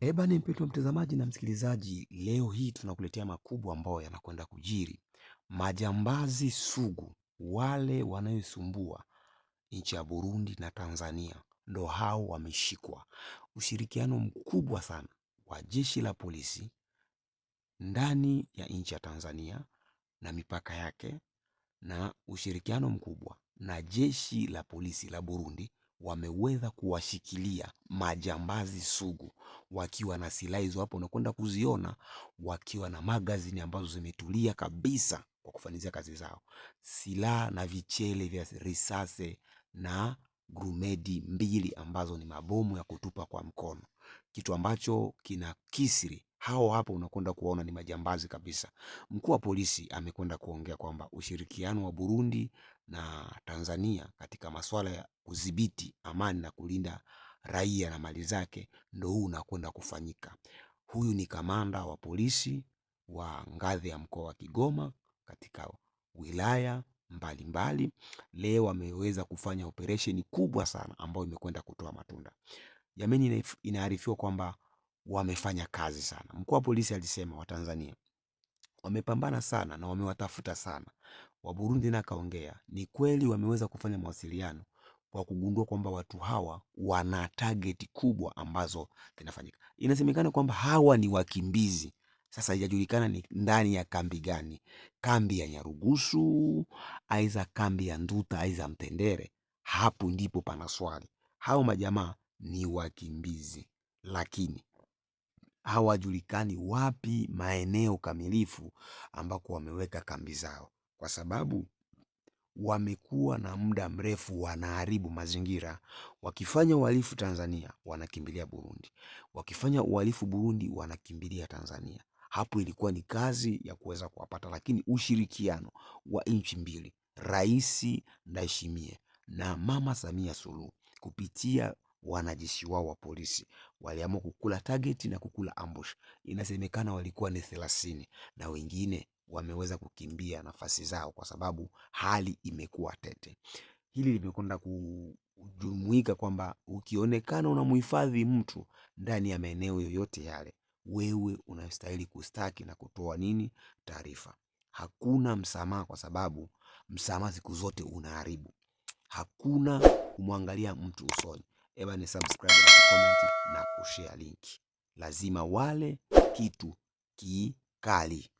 E eh, ni mpendwa mtazamaji na msikilizaji, leo hii tunakuletea makubwa ambayo yanakwenda kujiri. Majambazi sugu wale wanayosumbua nchi ya Burundi na Tanzania ndo hao wameshikwa. Ushirikiano mkubwa sana wa jeshi la polisi ndani ya nchi ya Tanzania na mipaka yake, na ushirikiano mkubwa na jeshi la polisi la Burundi wameweza kuwashikilia majambazi sugu wakiwa na silaha hizo hapo unakwenda kuziona, wakiwa na magazini ambazo zimetulia kabisa kwa kufanyizia kazi zao, silaha na vichele vya risase na grumedi mbili ambazo ni mabomu ya kutupa kwa mkono, kitu ambacho kina kisri hao hapo unakwenda kuwaona ni majambazi kabisa. Mkuu wa polisi amekwenda kuongea kwamba ushirikiano wa Burundi na Tanzania katika masuala ya kudhibiti amani na kulinda raia na mali zake, ndo huu unakwenda kufanyika. Huyu ni kamanda wa polisi wa ngazi ya mkoa wa Kigoma katika wilaya mbalimbali mbali. Leo wameweza kufanya operesheni kubwa sana ambayo imekwenda kutoa matunda. Jamani, inaarifiwa kwamba wamefanya kazi sana. Mkuu wa polisi alisema Watanzania wamepambana sana na wamewatafuta sana. waburundi nakaongea na kaongea ni kweli, wameweza kufanya mawasiliano kwa kugundua kwamba watu hawa wana target kubwa ambazo zinafanyika. Inasemekana kwamba hawa ni wakimbizi. Sasa haijajulikana ni ndani ya kambi gani, kambi ya Nyarugusu aiza kambi ya Nduta aiza Mtendere. Hapo ndipo pana swali, hao majamaa ni wakimbizi, lakini hawajulikani wapi maeneo kamilifu ambako wameweka kambi zao, kwa sababu wamekuwa na muda mrefu wanaharibu mazingira. Wakifanya uhalifu Tanzania wanakimbilia Burundi, wakifanya uhalifu Burundi wanakimbilia Tanzania. Hapo ilikuwa ni kazi ya kuweza kuwapata, lakini ushirikiano wa nchi mbili, Rais Ndayishimiye na Mama Samia Suluhu kupitia wanajeshi wao wa polisi waliamua kukula tageti na kukula ambush. Inasemekana walikuwa ni thelathini na wengine wameweza kukimbia nafasi zao kwa sababu hali imekuwa tete. Hili limekwenda kujumuika kwamba ukionekana unamhifadhi mtu ndani ya maeneo yoyote yale, wewe unastahili kustaki na kutoa nini, taarifa. Hakuna msamaha, kwa sababu msamaha siku zote unaharibu. Hakuna kumwangalia mtu usoni. Eba ni subscribe na kucomment na kushare linki, lazima wale kitu kikali.